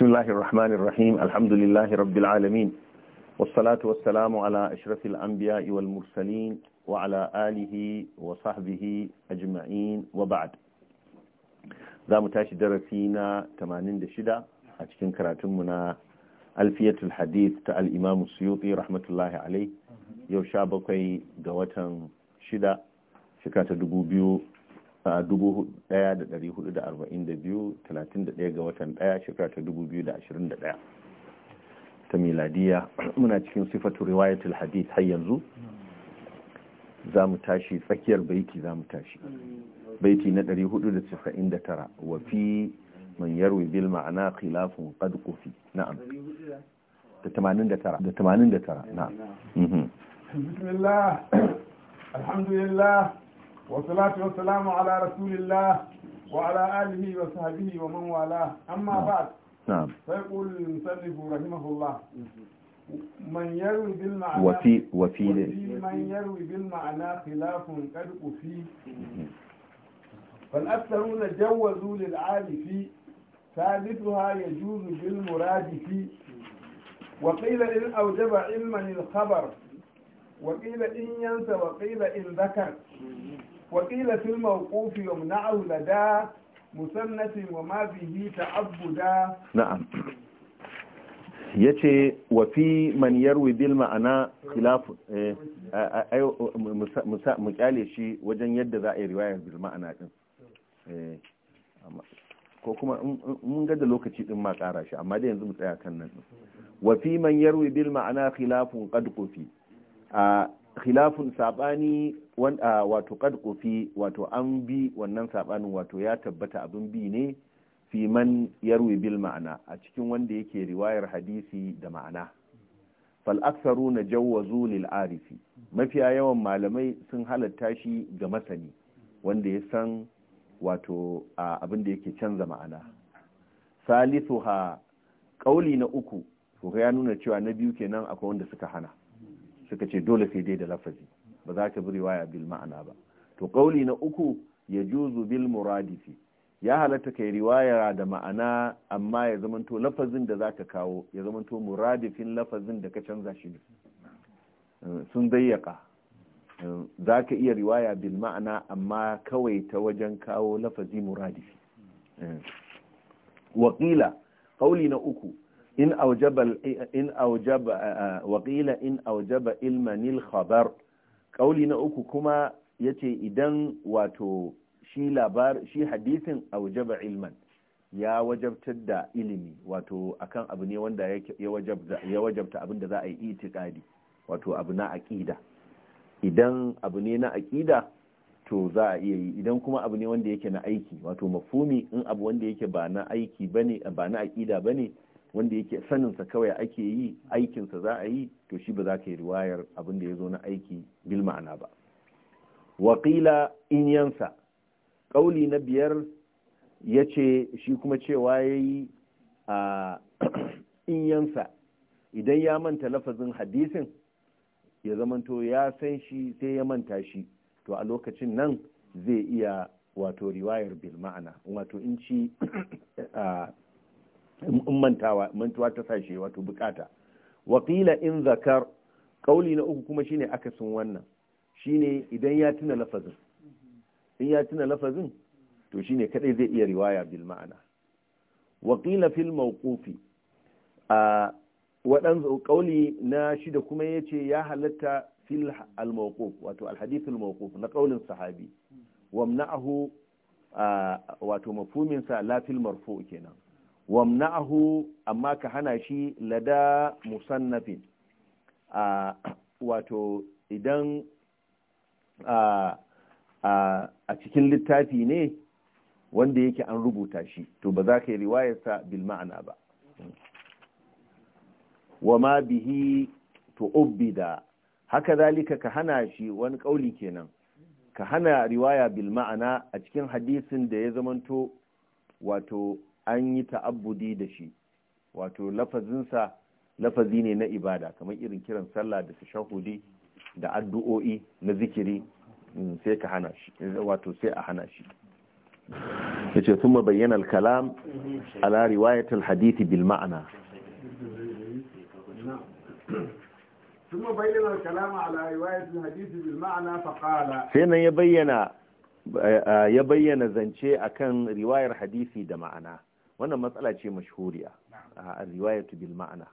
بسم الله الرحمن الرحيم الحمد لله رب العالمين والصلاة والسلام على أشرف الأنبياء والمرسلين وعلى آله وصحبه أجمعين وبعد ذا متاش درسينا 86 أتكن كراتمنا ألفية الحديث تاع الإمام السيوطي رحمة الله عليه يوشابكي قوة شدة شكاة دقوبيو 1442 31 ga watan 1 shekara ta 2021 ta miladiya muna cikin sifatu riwayatul hadith har yanzu za mu tashi tsakiyar baiti za mu tashi baiti na 499 wa fi man yarwi bil ma'ana khilafun qad qufi na'am da 89 da 89 na'am bismillah alhamdulillah mhm. والصلاة والسلام على رسول الله وعلى آله وصحبه ومن والاه أما نعم. بعد نعم فيقول المصنف رحمه الله من يروي بالمعنى وفي وفي, وفي من يروي بالمعنى خلاف قد أفي فالأكثرون جوزوا للعارف ثالثها يجوز بالمراد في وقيل إن أوجب علما الخبر وقيل إن ينسى وقيل إن ذكر وقيل في الموقوف يمنع لدى مسنة وما به تعبدا نعم يتي وفي من يروي بالمعنى خلاف ma'ana khilaf mu kyale shi wajen yadda za a yi ko kuma mun ga da lokaci din ma kara shi amma da yanzu mu tsaya kan nan wa fi man yarwi bil ma'ana khilafun qad qufi a khilafun sabani wato kad kofi wato an bi wannan sabanin wato ya tabbata abin bi ne fi man yarwi bil ma'ana a cikin wanda yake riwayar hadisi da ma'ana fal aksaru na jawwazu lil arifi mafiya yawan malamai sun halatta shi ga masani wanda ya san wato abin da yake canza ma'ana salisuha kauli na uku ya nuna cewa na biyu kenan akwai wanda suka hana suka ce dole sai dai da lafazi ba za ka bi riwaya bil ma'ana ba to kauli na uku ya juzu bil muradifi ya halatta kai riwaya da ma'ana amma ya zamanto lafazin da zaka kawo ya zamanto muradifin lafazin da ka canza shi eh, sun dayyaka eh, za ka iya riwaya bil ma'ana amma kawai ta wajen kawo lafazi muradifi eh. wakila kauli na uku in aujaba in aujaba wa qila in aujaba al khabar qauli na uku kuma yace idan wato shi labar shi hadisin aujaba ilman ya wajabtar da ilimi wato akan abu ne wanda ya wajabta abin da za a yi itikadi wato abu na aqida idan abu ne na aqida to za a iya yi idan kuma abu ne wanda yake na aiki wato mafumi in abu wanda yake ba na aiki bane ba na aqida bane wanda yake saninsa kawai ake yi aikinsa za a yi to shi ba za ka yi riwayar abin da ya zo na aiki bil ma'ana ba waƙila in yansa ƙauli na biyar ya ce shi kuma cewa ya yi a in yansa idan ya manta lafazin hadisin ya zamanto ya san shi sai ya manta shi to a lokacin nan zai iya wato riwayar bil ma'ana wato in ci in mantawa mantuwa ta sashe wato bukata wakila in zakar kauli na uku kuma shine akasin wannan shine idan ya tuna lafazin in ya tuna lafazin to shine kadai zai iya riwaya bil ma'ana wakila fil mawqufi a wadan kauli na shida kuma yace ya halatta fil al mawquf wato al hadith al mawquf na kaulin sahabi wamna'ahu wato mafhumin sa la fil marfu' kenan wamna'ahu amma ka hana shi lada musannafin a wato idan a cikin littafi ne wanda yake an rubuta shi to ba za ka yi riwayarsa bil ma'ana ba wa ma bihi to ubbida haka zalika ka hana shi wani kauli kenan ka hana riwaya bil ma'ana a cikin hadisin da ya zamanto wato an yi ta'abbudi da shi wato lafazinsa lafazi ne na ibada kamar irin kiran sallah da tashahudi da addu'o'i na zikiri mm, sai ka hana shi wato sai a hana shi yace thumma bayyana al-kalam ala riwayat al-hadith bil ma'na thumma bayyana al-kalam ala riwayat al-hadith bil ma'na fa qala sai nan ya bayyana ya bayyana zance akan riwayar hadisi da ma'ana wannan matsala ce mashhuriya a riwayatu bil ma'ana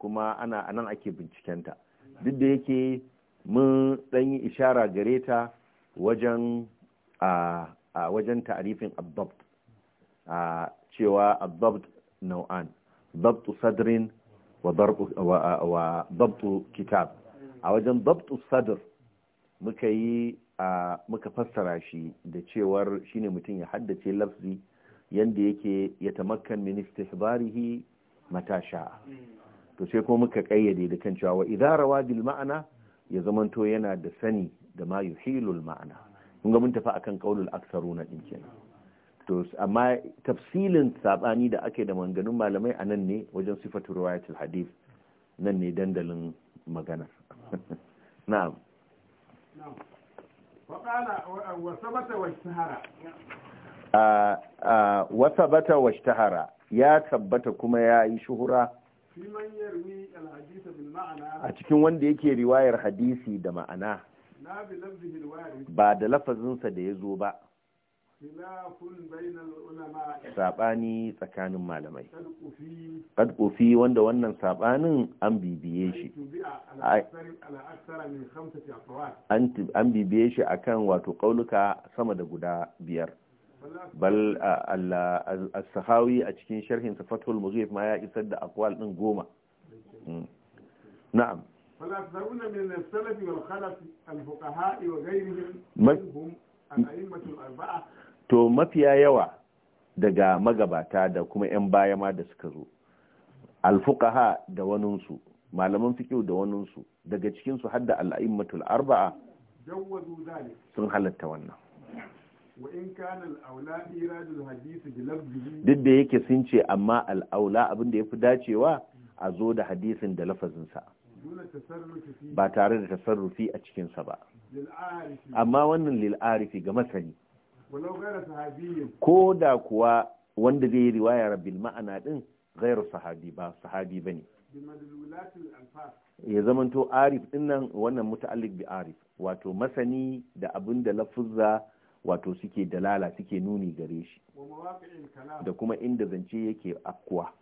kuma ana anan ake bincikenta duk da yake mun dan yi ishara gare ta wajen a wajen ta'arifin abdabt a cewa abdabt nau'an dabtu sadrin wa dabtu kitab a wajen dabtu sadr muka yi muka fassara shi da cewar shine mutum ya haddace lafzi yanda yake ya tamakkan min istihbarihi mata sha'a to sai ko muka kayyade da kan cewa idza rawa bil ma'ana ya zamanto yana da sani da ma yuhilul ma'ana kun ga mun tafi akan qaulul aktharuna din kenan to amma tafsilin sabani da ake da manganun malamai anan ne wajen sifatu riwayatul hadith nan ne dandalin magana na'am na'am wa qala wa sabata wa wasa bata wa shtahara ya tabbata kuma ya yi shuhura a cikin wanda yake riwayar hadisi da ma'ana ba da lafazinsa da ya zo ba saɓani tsakanin malamai Ƙadƙofi wanda wannan saɓanin an bibiye shi an bibiye shi akan wato ƙaunuka sama da guda biyar bal as-sahawi a cikin sharhin sa fathul mujib ma ya isar da aqwal din goma mm. na'am al-fuqa-ha, فالأكثرون من السلف والخلف الفقهاء وغيرهم منهم الأئمة arba'a? to mafiya yawa daga magabata da kuma 'yan baya ma da suka zo alfuqaha da waninsu malaman fikiyu da waninsu daga cikinsu har da al'a'immatul arba'a sun halatta wannan duk da yake sun ce amma al'aula abin da ya fi dacewa a zo da hadisin da lafazinsa ba tare da tasarrufi a cikinsa ba amma wannan lil'arifi ga masani ko da kuwa wanda zai yi riwaya rabin ma'ana din gairu sahabi ba sahabi ba ne ya zamanto arif dinnan wannan muta'allik bi arif wato masani da abin da lafuzza wato suke dalala suke nuni gare shi da kuma inda zance yake afkuwa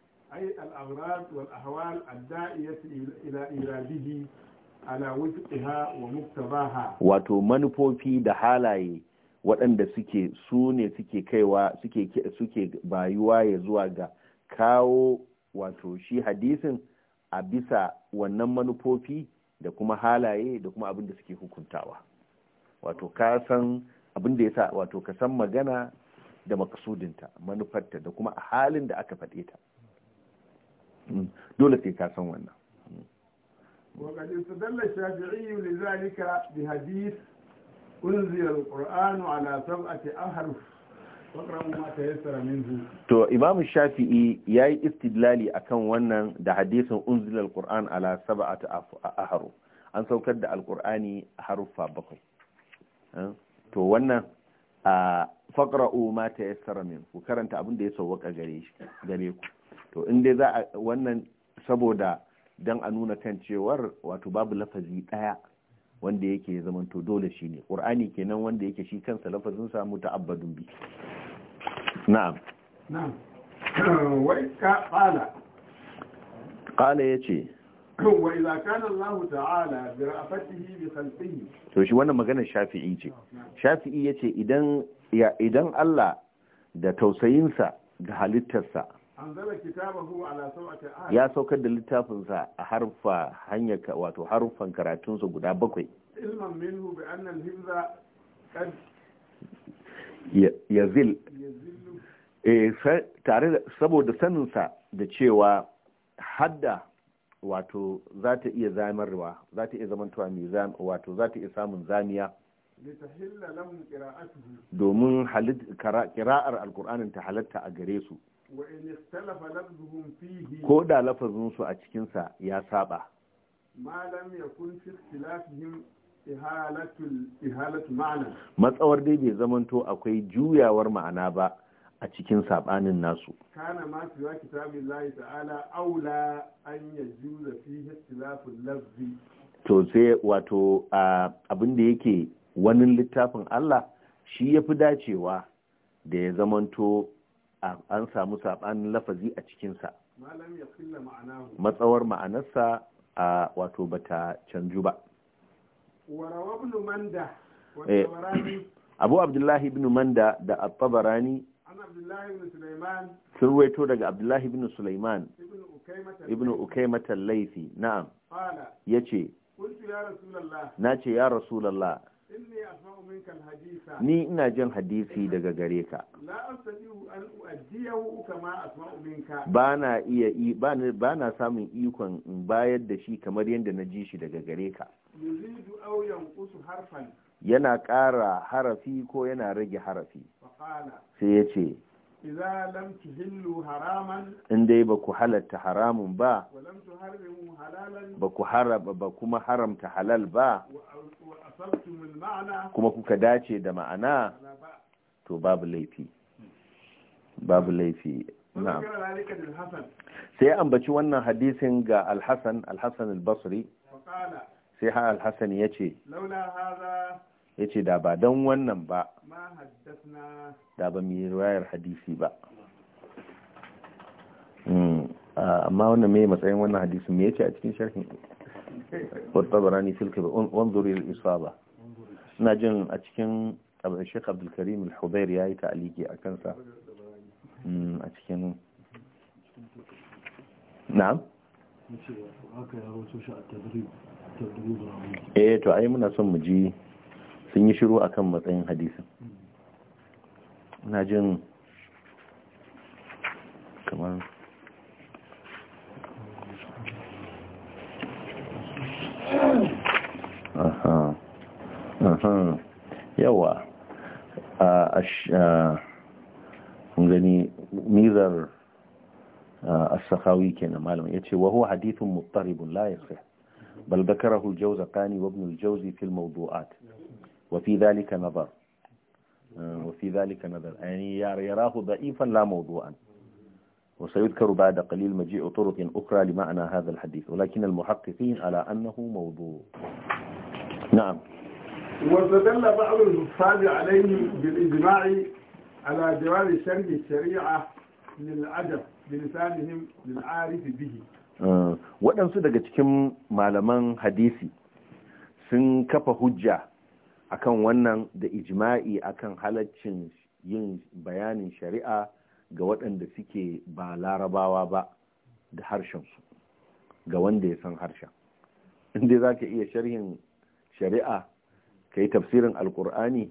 wato manufofi da halaye waɗanda suke su ne suke kaiwa suke suke bayuwa ya zuwa ga kawo wato shi hadisin a bisa wannan manufofi da kuma halaye da kuma abin da suke hukuntawa wato ka san abin da ya sa wato ka san magana da makasudinta manufarta da kuma a halin da aka faɗe ta mm. dole sai ka san wannan وقد استدل الشافعي لذلك بحديث أنزل القرآن على سبعة أحرف To Imam Shafi'i ya yi istidlali kan wannan da hadisin unzila al-Qur'an ala ta ahru an saukar da al a haruffa bakwai eh? to wannan a faqra'u ta tayassara min ku karanta abin da ya sauwaka gare shi ku to in dai za a wannan saboda don a nuna kan cewar wato babu lafazi ɗaya wanda yake zamanto dole shi ne ƙur'ani kenan wanda yake shi kansa lafazin ta muta'abbadun bi na'am na'am wai ka qala ya ce. to shi wannan maganar shafi'i ce shafi'i ya ce idan Allah da tausayinsa ga halittarsa ya saukar da littafinsa a harfa hanya wato harfan karatunsa guda bakwai Ya zil. Eh, tare da saboda saninsa da cewa hadda wato za ta iya zamarwa za ta iya zamantowa mai wato za ta iya samun zamiya domin kira'ar alkur'anin ta halatta a gare su ko da lafazinsu a cikinsa ya saba matsawar dai bai zamanto akwai juyawar ma'ana ba a cikin saɓanin nasu kana ma fi wa kitabillahi ta'ala aula an yajuza fi ikhtilaful lafi. to sai wato abin da yake wani littafin Allah shi ya fi dacewa da ya zamanto an samu saɓanin lafazi a cikinsa matsawar ma'anarsa a wato bata canju ba eh, abu abdullahi ibn manda da at-tabarani sun ruwaito daga abdullahi ibn sulaiman ibn ukaimata laifi na'am ya ce na ce ya rasulallah ni ina jin hadisi daga gare ka ba na iya ba na samun ikon in bayar da shi kamar yadda na ji shi daga gare ka yana ƙara harafi ko yana rage harafi sai ya ce in dai ba ku halatta haramun ba ba ku ba kuma haramta halal ba kuma kuka dace da ma'ana to babu laifi babu laifi sai ambaci wannan hadisin ga alhassan alhassan albasri sai ha alhassan ya ce ya ce da ba don wannan ba da ba mai riwayar hadisi ba hmm. amma wannan mai matsayin wannan hadisi mai ce a cikin sharhin tabarani filka ba wanzuri al ba, na jin a cikin Sheikh Abdulkarim Karim al-Hubair yayi ta'aliki a kansa hmm, a cikin na'am haka eh to ai muna son mu ji sun yi shiru akan matsayin hadisin ina jin kamar aha aha yawa a gani nizar as-sakhawi kenan malam yace wa huwa hadithun muttaribun la yasih بل ذكره الجوزقاني وابن الجوزي في الموضوعات وفي ذلك نظر آه، وفي ذلك نظر يعني يراه ضعيفا لا موضوعا وسيذكر بعد قليل مجيء طرق أخرى لمعنى هذا الحديث ولكن المحققين على أنه موضوع نعم واستدل بعض الحفاظ عليه بالإجماع على جوال شرق الشريعة للعجب بلسانهم للعارف به Eh, waɗansu daga cikin malaman hadisi sun kafa hujja akan wannan da ijma'i akan halaccin yin bayanin shari'a ga waɗanda suke ba larabawa ba da harshensu ga wanda ya san harshen inda za ka iya sharhin shari'a ka yi tafsirin alkur'ani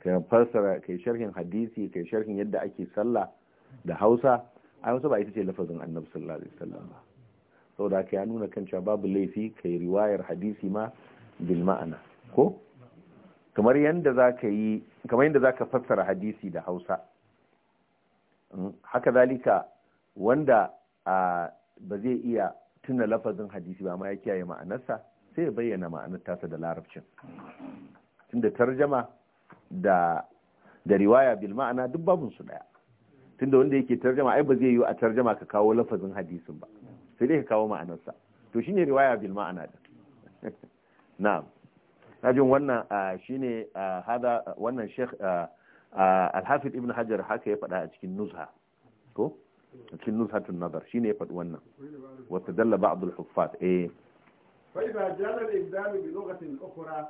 ka fassara ka yi sharhin hadisi ka yi sharhin yadda ake sallah da hausa a wasu ba ita ce lafazin annabi sallallahu alaihi wasallam ba saboda haka ya nuna kan cewa babu laifi kai riwayar hadisi ma bil ma'ana ko kamar yadda za ka yi kamar yadda za ka fassara hadisi da hausa mm, haka zalika wanda ba zai iya tuna lafazin hadisi ba ma ya kiyaye ma'anarsa sai ya bayyana ma'anar tasa da larabcin tunda tarjama da da riwaya bil ma'ana duk babun su daya tunda wanda yake tarjama ai ba zai yi a tarjama ka kawo lafazin hadisin ba sai dai ka kawo ma'anarsa to shine riwaya bil ma'ana da na'am najin wannan shine hada wannan sheikh al-hafiz ibn hajar haka ya faɗa a cikin nuzha ko a cikin nuzhatun nazar shine ya faɗi wannan wa tadalla ba'd al-huffaz eh fa idza jala al-ibdal bi lughatin ukhra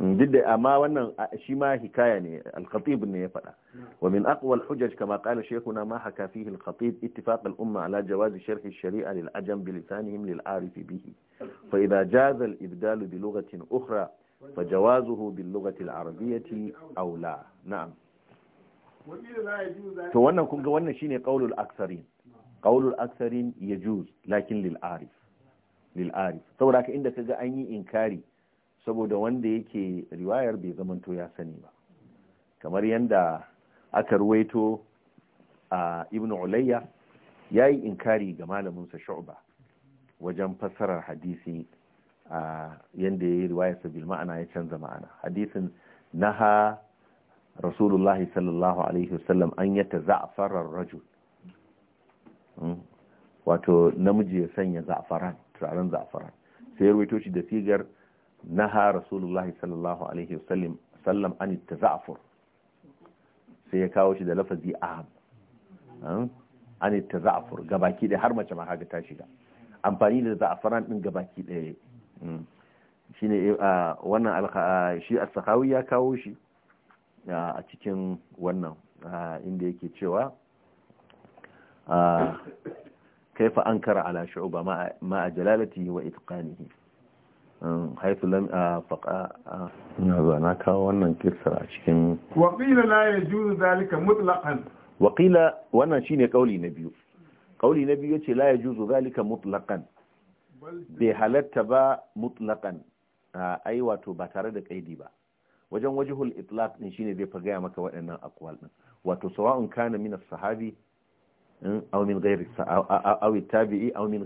duk da amma wannan shi ma hikaya ne al-khatib ne ya faɗa wa min aqwa al-hujaj kama qala shaykhuna ma haka fihi al-khatib ittifaq al-umma ala jawaz sharh al-shari'a lil ajam bi lisanihim lil arif bihi fa idha jaza al-ibdal bi lughatin ukhra fa jawazuhu bil lughati al-arabiyyati aw la na'am to wannan kun ga wannan shine qaulul aktharin qaulul aktharin yajuz lakin lil arif lil arif saboda ka inda kaga an yi inkari saboda wanda yake riwayar bai zamanto ya sani ba kamar yadda aka ruwaito a ibn ulayya ya yi inkari ga malaminsa shu'ba wajen fassarar hadisi a yadda ya yi riwayarsa bil ma'ana ya canza ma'ana hadisin naha rasulullahi sallallahu alaihi wasallam an yata za'afarar rajul hmm. wato namiji ya sanya za'faran turaren za'faran sai ya ruwaito shi da sigar naha rasulullahi sallallahu alaihi wasallam sallam an taza'fur sai ya kawo shi da lafazi ahab an taza'fur gabaki da har mace ma haka ta shiga amfani da za'afaran din gabaki ɗaya shine wannan shi a sakhawi ya kawo shi a cikin wannan inda yake cewa kaifa ankara ala shu'ba ma jalalati wa itqanihi haitu lam a faƙa a ina zuwa na kawo wannan kisar a cikin waƙila la ya juzu zalika mutlaqan waƙila wannan shine kauli na biyu kauli na biyu yace la ya juzu zalika mutlaqan bai halatta ba mutlaqan ai wato ba tare da kaidi ba wajen wajihul itlaq din shine zai gaya maka waɗannan akwal din wato sawa'un kana min as-sahabi aw min ghairi aw tabii aw min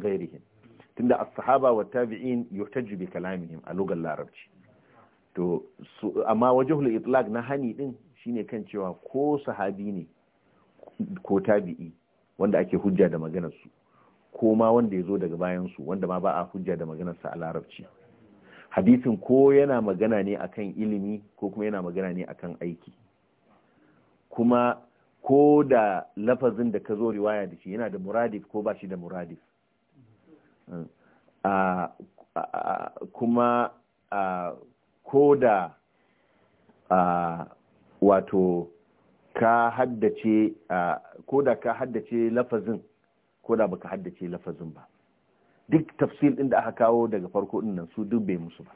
tunda as-sahaba wa tabi'in yuhtaju bi kalamihim a lugar larabci to amma wajhul itlaq na hani din shine kan cewa ko sahabi ne ko tabi'i wanda ake hujja da maganar su ko ma wanda ya zo daga bayan su wanda ma ba a hujja da maganar sa a larabci hadisin ko yana magana ne akan ilimi ko kuma yana magana ne akan aiki kuma ko da lafazin da ka zo riwaya da shi yana da muradif ko ba shi da muradif kuma ko da wato ka haddace ko da ka haddace lafazin ko da baka haddace lafazin ba duk tafsir din da aka kawo daga farko din nan su duk bai musu ba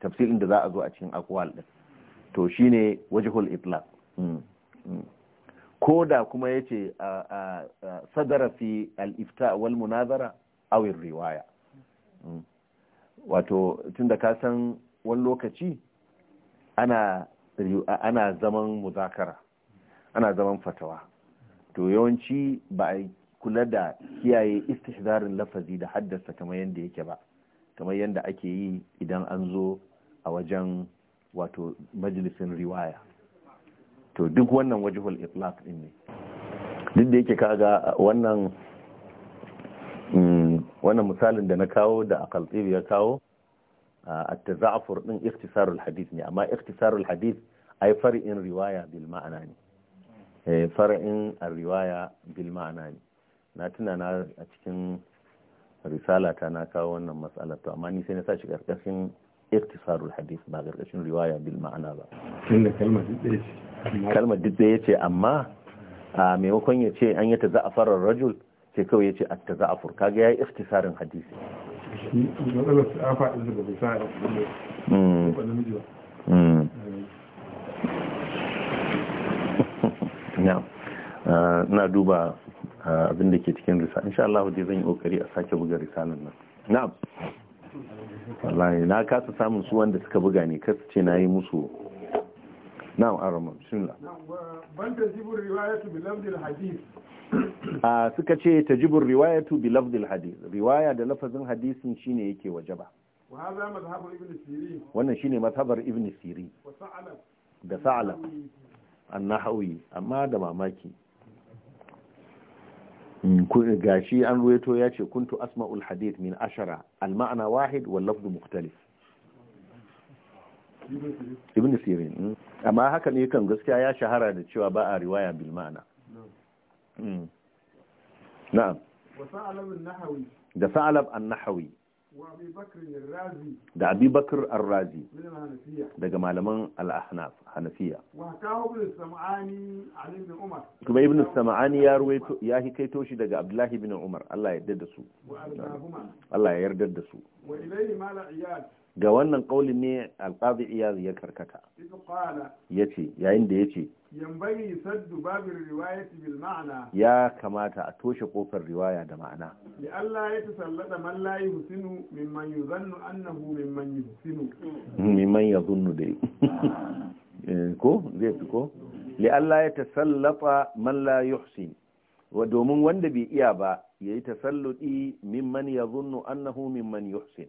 tafsir din da za a zo a cikin akwal din to shine wajhul itlaq mm, mm. ko da kuma yace sadara fi al-ifta wal munazara awin riwaya mm. wato tun da ka wani lokaci ana zaman muzakara ana zaman fatawa to yawanci ba a kula da kiyaye istihdarin lafazi da haddasa kamar yadda yake ba kamar yadda ake yi idan an zo a wajen wato majalisin riwaya to duk wannan wajihul itlaq din ne duk da yake kaga wannan wannan misalin da na kawo da akaltib ya kawo a za'afur ɗin iftisarul hadith ne amma iktisarul hadith ai far'in riwaya bil ma'ana ne eh far'in riwaya bil ma'ana ne na tuna na a cikin risala ta na kawo wannan matsalar to amma ni sai na sashi karkashin iftisarul hadith ba karkashin riwaya bil ma'ana ba tunda kalmar duk ce ce amma a maimakon ya ce an yi taza'afarar rajul sai kawai ya ce a ta za'afur kaga ya yi iftisarin hadisi hmm. uh, na duba uh, abin da ke cikin risa insha Allah dai zan yi kokari a sake buga risalan nan na'am wallahi na kasa samun su wanda suka buga ne kasa ce na yi musu na'am arama bismillah banda zibur riwayatu bi hadith suka ce ta riwaya tu bi lafzil hadith riwaya da lafazin hadisin shine yake wajaba wannan shine mazhabar ibn siri da sa'ala annahawi amma da mamaki mm, gashi an ruwaito ya ce kuntu asma'ul hadith min ashara al-ma'ana wahid wal lafzu mukhtalif ibn sirin mm. amma haka ne kan gaskiya ya shahara da cewa ba a riwaya bil ma'ana Hmm. na'am da sa'alab an-nahawi da abi bakar arrazi daga malaman al-ahnaf hanafiya kuma ibn sam'ani ya ruwaito ya hikaito shi daga abdullahi ibn umar Allah ya yarda da su Allah ya yarda da su ga wannan kaulin ne alqazi iyaz ya karkata Ya yace yayin da yace yambari saddu babin riwayati bil ma'ana ya kamata a toshe ƙofar riwaya da ma'ana li Allah ya tasallada man la yuhsinu mimman zannu annahu mimman yuhsinu mimman zunnu dai eh, ko zai fi ko li Allah ya tasallafa man la yuhsin wa domin wanda bai iya ba ya yayi tasalludi mimman zunnu annahu mimman yuhsin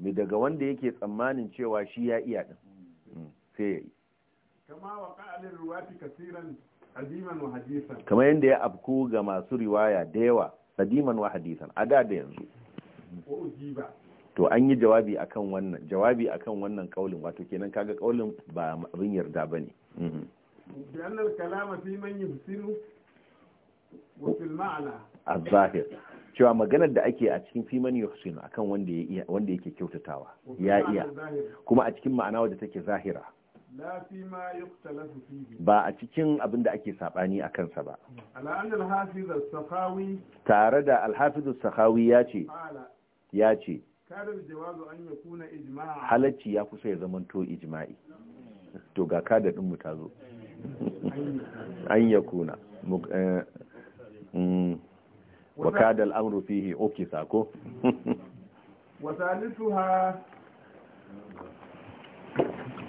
ne daga wanda yake tsammanin cewa shi ya iya din hmm. Hmm. sai ya yi Kama yadda ya afku ga masu riwaya da yawa sadiman wa hadisan a da yanzu to an yi jawabi akan wannan jawabi akan wannan kaulin wato kenan kaga kaulin ba abin yarda bane ne hmm. annal kalama fi manyan yufsiru wa fil a zahir cewa maganar da ake a cikin fiman yuhsin akan wanda yake kyautatawa ya iya kuma a cikin ma'ana wadda take zahira ba a cikin abin da ake sabani a kansa ba tare da alhafizu sahawi ya ce ya ce halacci ya kusa ya zamanto ijma'i to ga kada ɗin ta an ya kuna wa kada al'amru fihi oke ko wa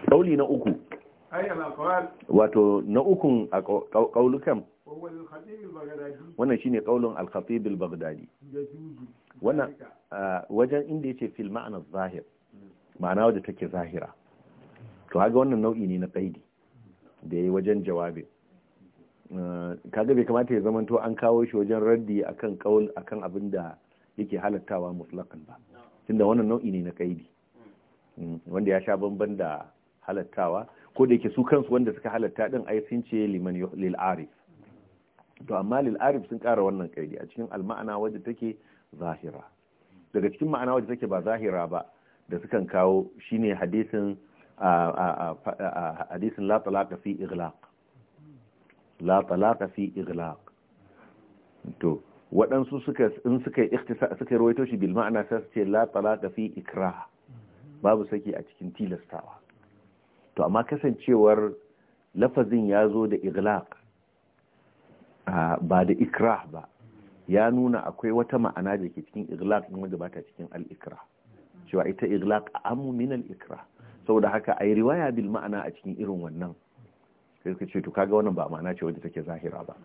kauli na uku wato na ukun a kaulukan wannan shine kaulun al-khatib al-baghdadi wannan wajen inda yace fil ma'ana zahir ma'ana wadda take zahira to haga wannan nau'i ne na qaidi da yayi wajen jawabin Eh, kaga bai kamata ya zamanto an kawo shi wajen raddi akan kaul akan abin da yake halattawa mutlaqan ba tunda wannan nau'i ne na kaidi mm, wanda ya sha bamban da halattawa ko da yake su kansu wanda suka halatta din ai sun ce liman lil arif to amma lil arif sun kara wannan kaidi a cikin alma'ana wadda take zahira daga cikin ma'ana wadda take ba zahira ba da sukan kawo shine hadisin hadisin la talaqa fi iglaq la talaka fi iglaq to waɗansu suka in suka ikhtisa suka rawaito shi bil ma'ana sai su ce la talaka fi ikrah babu saki a cikin tilastawa to amma kasancewar lafazin ya zo da iglaq ba da ikrah ba ya nuna akwai wata ma'ana da ke cikin iglaq din wanda ta cikin al-ikrah cewa ita iglaq amu min al-ikrah saboda haka ai riwaya bil ma'ana a cikin irin wannan sai suka ce to kaga wannan ba ma'ana ce wadda take zahira ba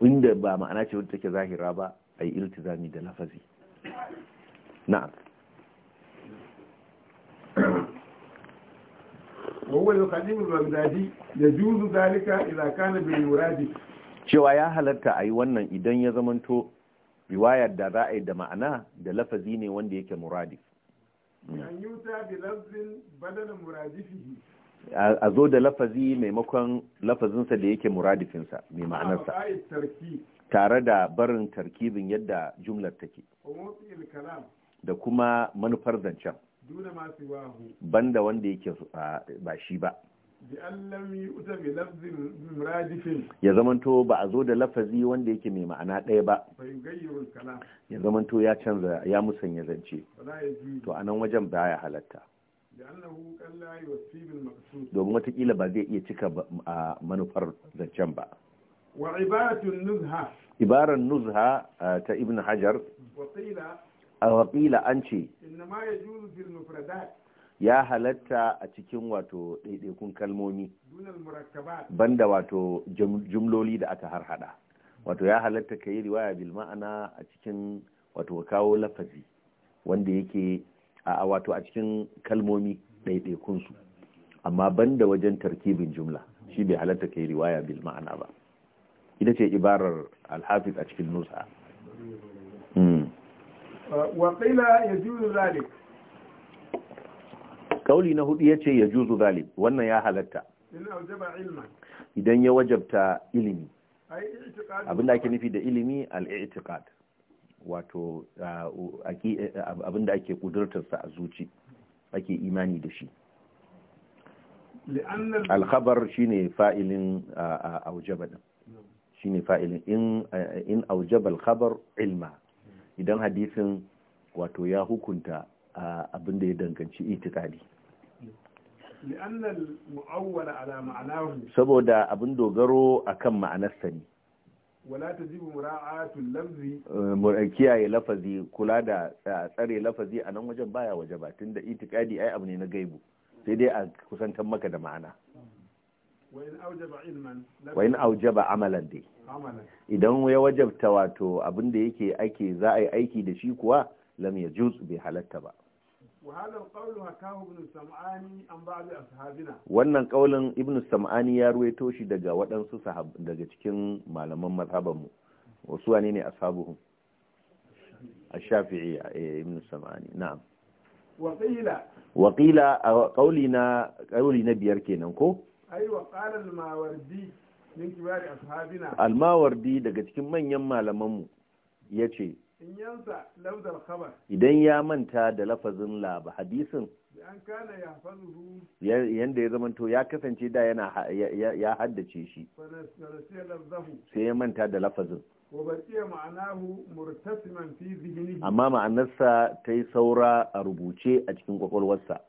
inda ba ma'ana ce wadda take zahira ba ai iltizami da lafazi na'am وهو القديم البغدادي يجوز ذلك kana bi muradi cewa ya halarta a yi wannan idan ya zamanto riwayar da za a yi da ma'ana da lafazi ne wanda yake muradi An yi bi lafzin badana muradifihi a zo da lafazi maimakon lafazinsa da yake muradifinsa mai ma'anarsa tare da barin tarkibin yadda jumlar take da kuma manufar zancen banda wanda yake ba shi ba ya zamanto ba a zo da lafazi wanda yake mai ma'ana ɗaya ba ya zamanto ya canza ya musanya zance to a nan wajen baya halatta domin watakila ba zai iya cika a manufar zancen ba ibaran nuzha ta ibn hajar a wakila an ce ya halatta a cikin wato ɗaiɗaikun kalmomi banda wato jumloli da aka harhaɗa wato ya halatta ka yi riwaya bil ma'ana a cikin wato kawo lafazi wanda yake a wato a cikin kalmomi ɗaiɗaikunsu amma banda wajen tarkibin jumla shi bai halatta kai riwaya bil ma'ana ba ita ce ibarar alhafiz a cikin nusa hmm. wa qila yajuzu zalik kauli na hudu ya ce ya juzu zalik wannan ya halatta idan ya wajabta ilimi abinda ake nufi da ilimi al-i'tiqad wato abinda ake kudurtarsa a zuci ake imani da shi alkhabar shine fa'ilin aujaba din shine fa'ilin in in aujaba alkhabar ilma idan hadisin wato ya hukunta abinda ya danganci itikadi saboda abin dogaro akan ma'anarsa ne wala eh, kiyaye lafazi kula da eh, tsare lafazi a nan wajen baya waje ba tunda itikadi ai abu ne na gaibu sai dai a kusantar maka da ma'ana wa in aujaba amalan dai idan ya wajabta wato abin da yake ake za a yi aiki da shi kuwa lam jus bai halatta ba wannan kaulin ibn sam'ani ya ruwaito shi daga waɗansu daga cikin malaman mazhabanmu wasu wane ne ashabuhum ash-shafi'i eh, ibn sam'ani na'am waqila a kauli na kauli na biyar kenan ko ai wa qala al-mawardi min kibari ashabina al-mawardi daga cikin manyan malamanmu yace idan ya manta da lafazin laba hadisin yanda ya zamanto ya kasance da yana ya haddace shi sai ya manta da lafazin amma ma'anarsa ta yi saura a rubuce a cikin kwakwalwarsa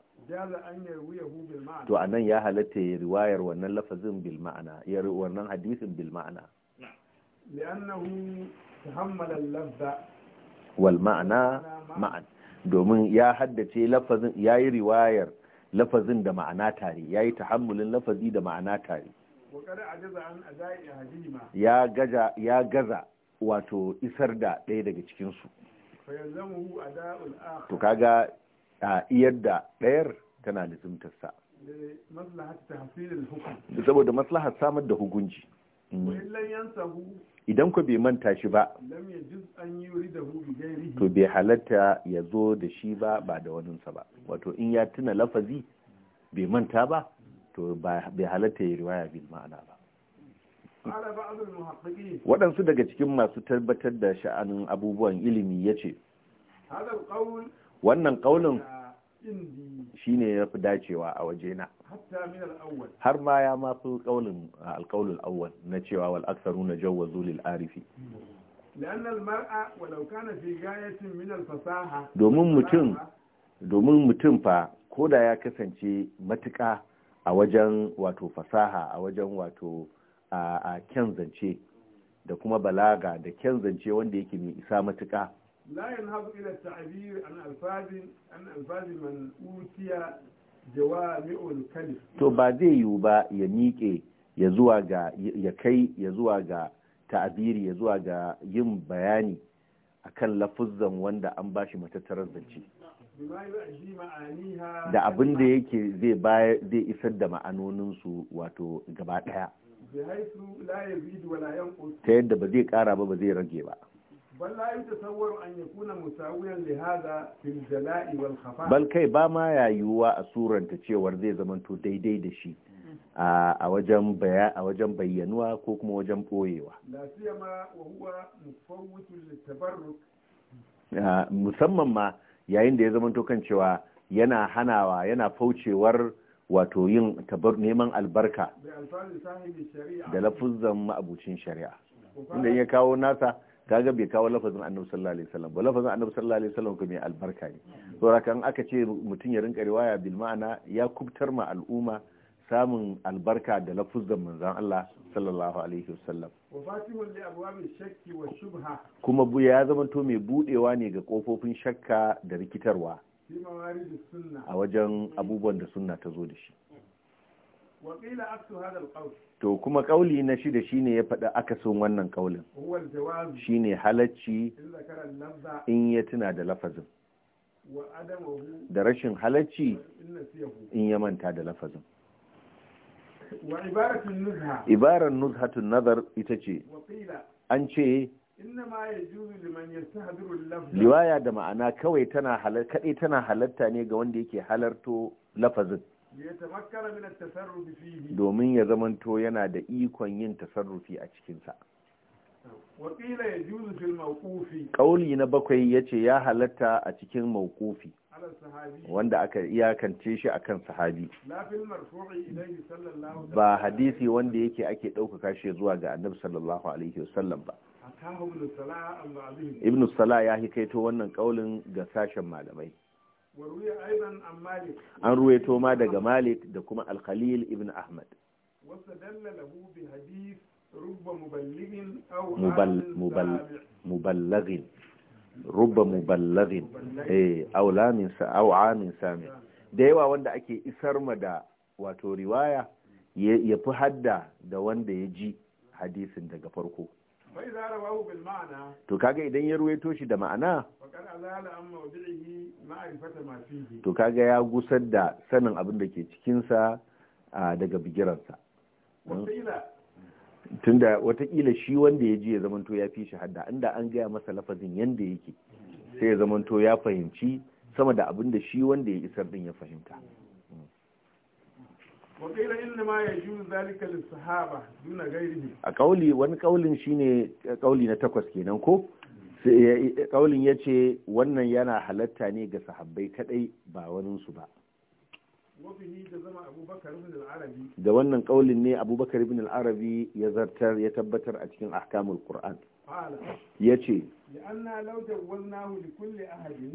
to anan ya halatta ya riwayar wannan lafazin bil ma'ana ya wannan hadisin bil ma'ana لأنه تحمل اللفظ wal ma'ana ma'an domin ya haddace lafazin ya yi riwayar lafazin da ma'ana tare ya yi tahammulin lafazi da ma'ana tare ya gaza wato isar da ɗaya daga cikinsu to kaga a iyar da ɗayar tana lizimtarsa saboda maslahar samar da hukunci mm. idan ku bai manta shi ba to bai halatta ya zo da shi ba ba da waninsa ba wato in ya tuna lafazi bai manta ba to bai halatta ya riwaya bi ma'ana ba waɗansu daga cikin masu tabbatar da sha'anin abubuwan ilimi ya ce wannan ƙaunin shine ya fi dacewa a wajena har ma ya ma fi kaulin alkaulul awwal na cewa wal na jawwazu zulil arifi domin mutum domin mutum fa koda ya kasance matuka a wajen wato fasaha a wajen wato a kyan zance da kuma balaga da kyan zance wanda yake mai isa matuka لا ينهض إلى التعبير عن ألفاظ عن ألفاظ من أوتي جوامع الكلف. تو بعدي يوبا يميك يزواجا يكي يزواجا تعبير يزواجا يم بياني ga ta'abiri ya zuwa ga yin akan lafuzzan wanda an bashi matattarar zance da abin da yake zai bayar zai isar da ma'anoninsu wato gaba ɗaya ta yadda ba zai ƙara ba ba zai rage ba بل لا يتصور an يكون مساويا لهذا في الجلاء والخفاء بل bal kai ba ma yayuwa a suranta cewar zai zamanto daidai da shi a wajen bayyanuwa ko kuma wajen boyewa wa musamman ma yayin da ya zama kan cewa yana hanawa yana faucewar wato yin neman albarka da lafuzan ma'abucin shari'a inda ya kawo nasa kaga bai kawo lafazin annabi sallallahu alaihi wasallam ba lafazin annabi sallallahu alaihi wasallam kuma albarka ne saboda an aka ce mutum ya rinka riwaya bil ma'ana ya kubtar ma al'umma samun albarka da lafuzan manzon Allah sallallahu alaihi wasallam kuma ya zama to mai budewa ne ga kofofin shakka da rikitarwa a wajen abubuwan da sunna ta zo da shi to kuma kauli na shi da shi ne ya faɗa son wannan kaulin ne halacci in ya tuna da lafazin da rashin halacci in ya manta da lafazin ibarar nuzhatun nazar ita ce an ce liwaya da ma'ana kawai tana halatta ne ga wanda yake halarto lafazin domin ya zamanto yana da ikon yin tasarrufi a cikinsa ƙauli na bakwai ya ce ya halatta a cikin Maukufi, wanda aka iyakance shi a kan sahabi ba hadisi wanda yake ake ɗaukaka shi zuwa ga annabi sallallahu alaihi wasallam ba ibn salah ya hikaito wannan ƙaulin ga sashen malamai an ruwaito ma daga malik da kuma alkhalil ibn ahmad muballagin rubba muballagin aula min sa'awa min sami da yawa wanda ake isar ma da wato riwaya ya fi hadda da wanda ya ji hadisin daga farko to kaga idan ya ruwaito shi da ma'ana to kaga ya gusar da sanin abin da ke cikinsa daga bigiransa tunda watakila shi wanda ya ji ya zamanto ya fi shi hadda inda an gaya masa lafazin yadda yake sai ya zamanto ya fahimci sama da abin da shi wanda ya isar din ya fahimta a kauli wani kaulin shine kauli na takwas kenan ko kaulin ya ce wannan yana halatta ne ga sahabbai kadai ba waninsu ba da wannan kaulin ne abubakar ibn al-arabi ya zartar ya tabbatar a cikin ahkamul qur'an ya ce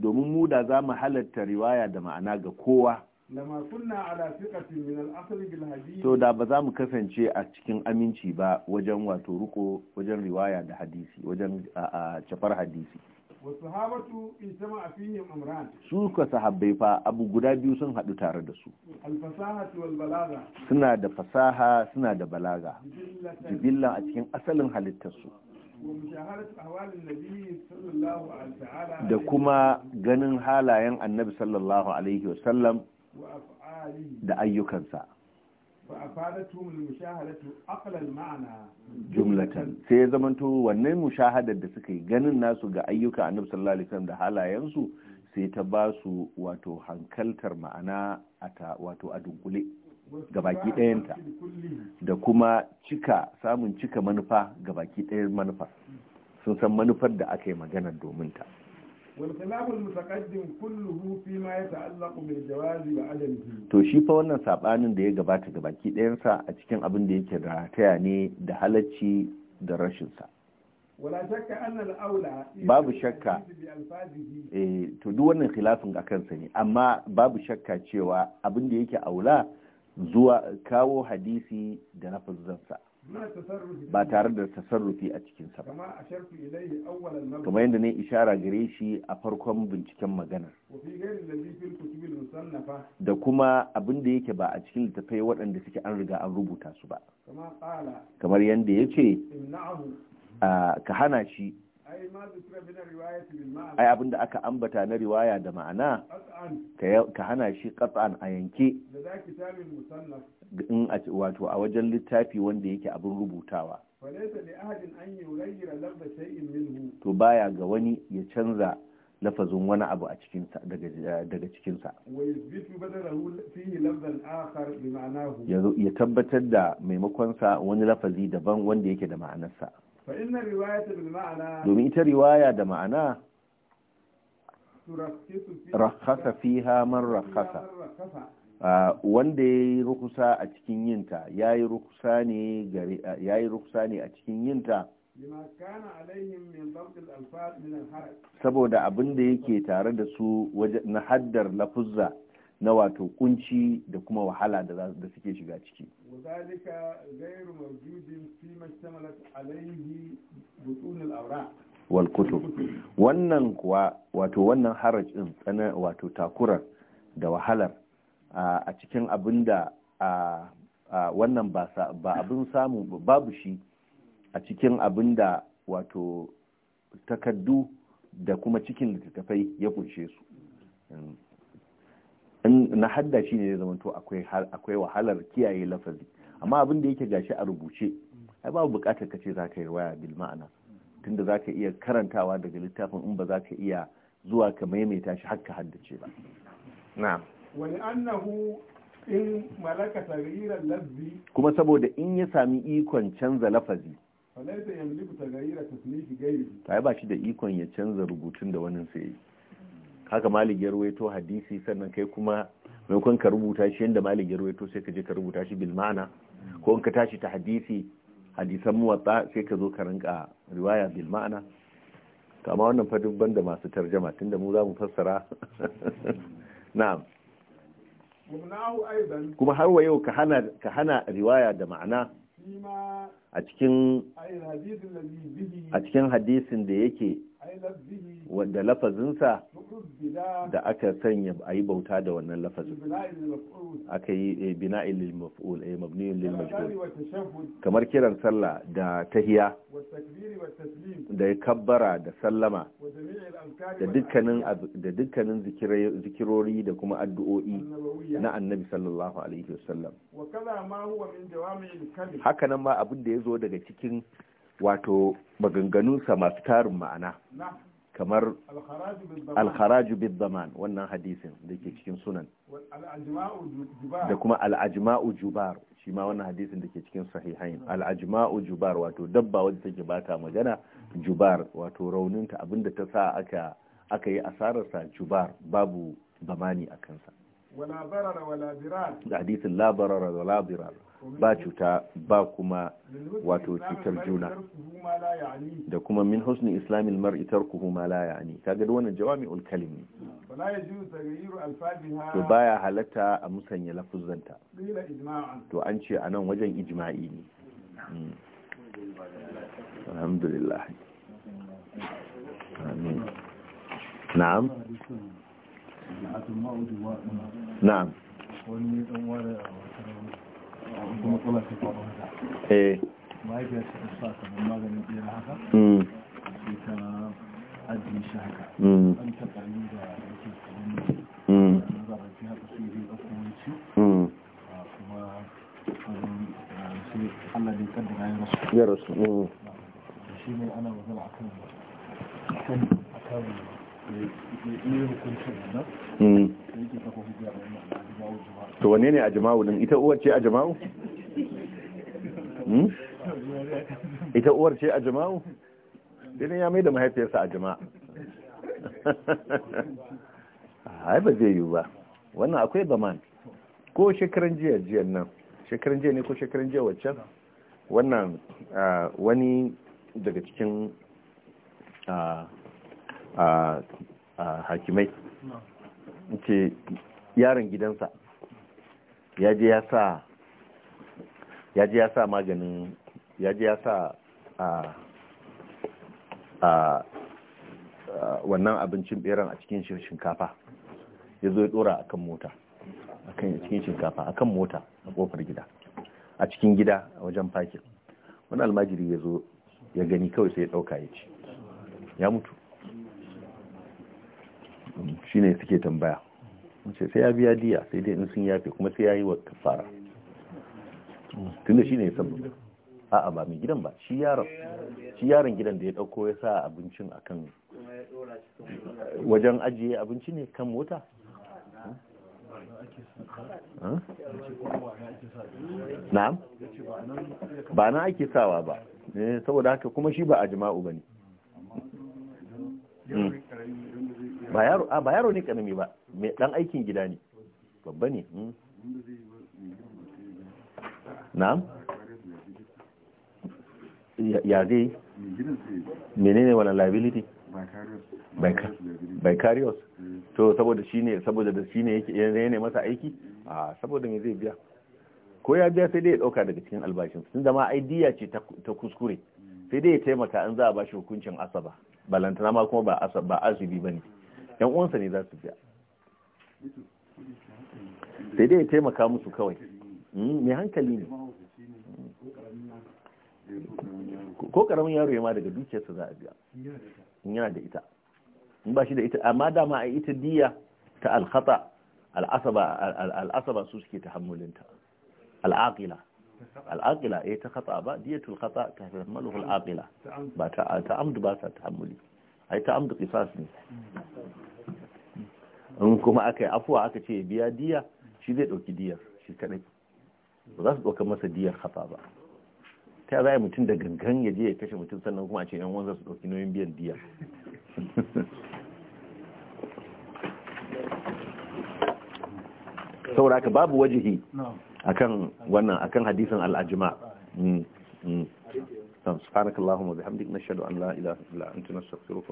domin mu da za mu halatta riwaya da ma'ana ga kowa to da ba za mu kasance a cikin aminci ba wajen wato ruko wajen riwaya da hadisi wajen a cafar hadisi su ka sahabbai fa abu guda biyu sun haɗu tare da su suna da fasaha suna da balaga jibilla a cikin asalin halittar su da kuma ganin halayen annabi sallallahu alaihi wasallam da ayyukansa jumlatan sai ya zamanto wannan mushahadar da suka yi ganin nasu ga ayyuka annabi sallallahu alaihi wasallam da halayensu sai ta ba su wato hankaltar ma'ana wato a dunkule ga baki ɗayanta da kuma cika samun cika manufa ga baki ɗayan manufa sun san manufar da aka yi maganar domin ta والخلاف المتقدم كله فيما يتعلق بالجواز وعدمه to shi fa wannan sabanin da ya gabata gabaki ɗayansa a cikin abin da yake da taya ne da halacci da rashin sa wala shakka al-aula babu shakka eh to duk wannan khilafin a kansa ne amma babu shakka cewa abin da yake aula zuwa kawo hadisi da lafazzansa ba tare da tasarrufi a cikinsa ba kamar yadda ne ishara gare shi a farkon binciken maganar da kuma abin da yake ba a cikin littattafai waɗanda suke an riga an rubuta su ba kamar yadda ya ce ah, ka hana shi ai abin da aka ambata na riwaya da ma'ana ka hana shi ƙasa'an a yanke in wato a wajen littafi wanda yake abin rubutawa to baya ga wani ya canza lafazin wani abu a cikinsa daga cikinsa ya tabbatar da maimakonsa wani lafazi daban wanda yake da ma'anarsa domin ita riwaya da ma'ana rakhasa fiha man rakhasa ah, wanda ya yi rukusa a cikin yinta ya yi rukusa ne a cikin yinta saboda abin da yake tare da su na haddar lafuzza na wato kunci da kuma wahala da suke shiga ciki walkutu wannan kuwa wato wannan harajin tsana wato takurar da wahalar a cikin abin da wannan ba abin samu babu shi a cikin abin da wato takaddu da kuma cikin littattafai ya kunshe su na hadda shi ne zama to akwai wahalar kiyaye lafazi amma abin da yake gashi a rubuce ai babu bukatar ka ce za ka yi waya bil ma'ana tunda za ka iya karantawa daga littafin in ba za ka iya zuwa ka maimaita shi har ka haddace ba na'am wani annahu in malaka taghiran lafzi kuma saboda in ya sami ikon canza lafazi falaita yamliku taghiran tasnifi gairi ta ba shi da ikon ya canza rubutun da wani sai haka malik ya hadisi sannan kai kuma maimakon ka rubuta shi yadda malik ya sai ka je ka rubuta shi bil ko in ka tashi ta hadisi hadisan muwatta sai ka zo ka rinka riwaya bil kama wannan fa duk banda masu tarjama tunda mu za mu fassara na'am kuma har wa yau ka hana riwaya da ma'ana a cikin hadisin da yake wanda lafazinsa da aka sanya a yi bauta da wannan lafazin aka yi eh, bina lil maf'ul eh mabniyun lil majhul kamar kiran sallah da tahiya da ya kabbara da sallama da dukkanin da dukkanin zikirori da kuma addu'o'i na annabi sallallahu alaihi wasallam haka nan ma abin da ya zo daga cikin wato maganganunsa masu tarin ma'ana kamar alharaju bid wannan hadisin da ke cikin sunan da kuma Al'ajima'u jubar shi ma wannan hadisin da ke cikin sahihain Al'ajima'u jubar wato dabba wadda take bata magana jubar wato rauninta abinda ta sa aka aka yi asararsa jubar babu zamani a kansa da hadisin la barara ba cuta ba kuma wato cutar juna da kuma min husni islamil mar'i tarkuhu ma la ya'ni kaga da wannan jawami'ul kalim ne to baya halatta a musanya lafuzzanta to an ce a nan wajen ijma'i ne hmm. alhamdulillah amin na'am na'am kuma ta faru haka eh mahaifiyar sa kamar maganin ɗaya haka mm. sai ta ajiye shi haka mm. an ta ƙari da yake kamar mai mm. zarafi ah, kuma ah, ya rasu ya rasu ah, shi ne ana magana akan akan to wane ne a jima'u? din ita uwar ce a jima'u? Hmm? ita uwar ce a jima'u? dinin ya mai da mahaifiyarsa a jima'a. hai ba zai yiwu ba wannan akwai baman. ko shekaran jiya jiyan nan shekaran jiya ne ko shekaran jiya waccan wannan ah, wani daga cikin ah, a hakimai ce yaron gidansa ya je ya sa maganin ya je ya sa a wannan abincin beran a cikin shinkafa ya zo ya dora a kan mota a cikin shinkafa a kan mota a kofar gida a cikin gida a wajen fakin wani almajiri ya zo ya gani kawai sai ya dauka ya ce ya mutu ne suke tambaya wace sai ya biya diya sai dai in sun yafe kuma sai ya yi wa kafara tunda ne ya sabu a'a ba mai gidan ba shi yaron shi yaron gidan da ya dauko ya sa abincin akan wajen ajiye abinci ne kan mota na'am ba na ake sawa ba eh, saboda haka kuma shi ba a jima'u ba ne hmm. ba yaro ne karami ba mai dan aikin gida ne babba ne hmm. na'am ya zai menene wannan liability carriers to saboda shine saboda da shine yake yana masa aiki a saboda me zai biya ko ya biya sai dai ya dauka daga cikin albashin sun zama aidiya ce ta kuskure sai dai ya taimaka an za a bashi hukuncin asaba balantana ma kuma ba asibi ba ne yan uwansa ne za su biya sai dai ya taimaka musu kawai hmm, mai hankali ne ko karamin yaro ya ma daga dukiyarsa za a biya in yana da ita in ba shi da ita amma dama a ita diya ta alkhata al'asaba su suke ta hammulinta al'aƙila al'aƙila ya eh, ta khata ba diya ta khata ta hammalu al'aƙila ba ta amdu ba ta hammuli ai ta amdu su ne in kuma aka yi afuwa aka ce ya biya diya shi zai ɗauki diyar shi kaɗai ba za su ɗauka masa diyar hafa ba ta za mutum da gangan ya je ya kashe mutum sannan kuma a ce yan wanzar su ɗauki nauyin biyan diya saboda aka babu wajihi akan wannan akan hadisin al'ajima سبحانك اللهم وبحمدك نشهد لا نستغفرك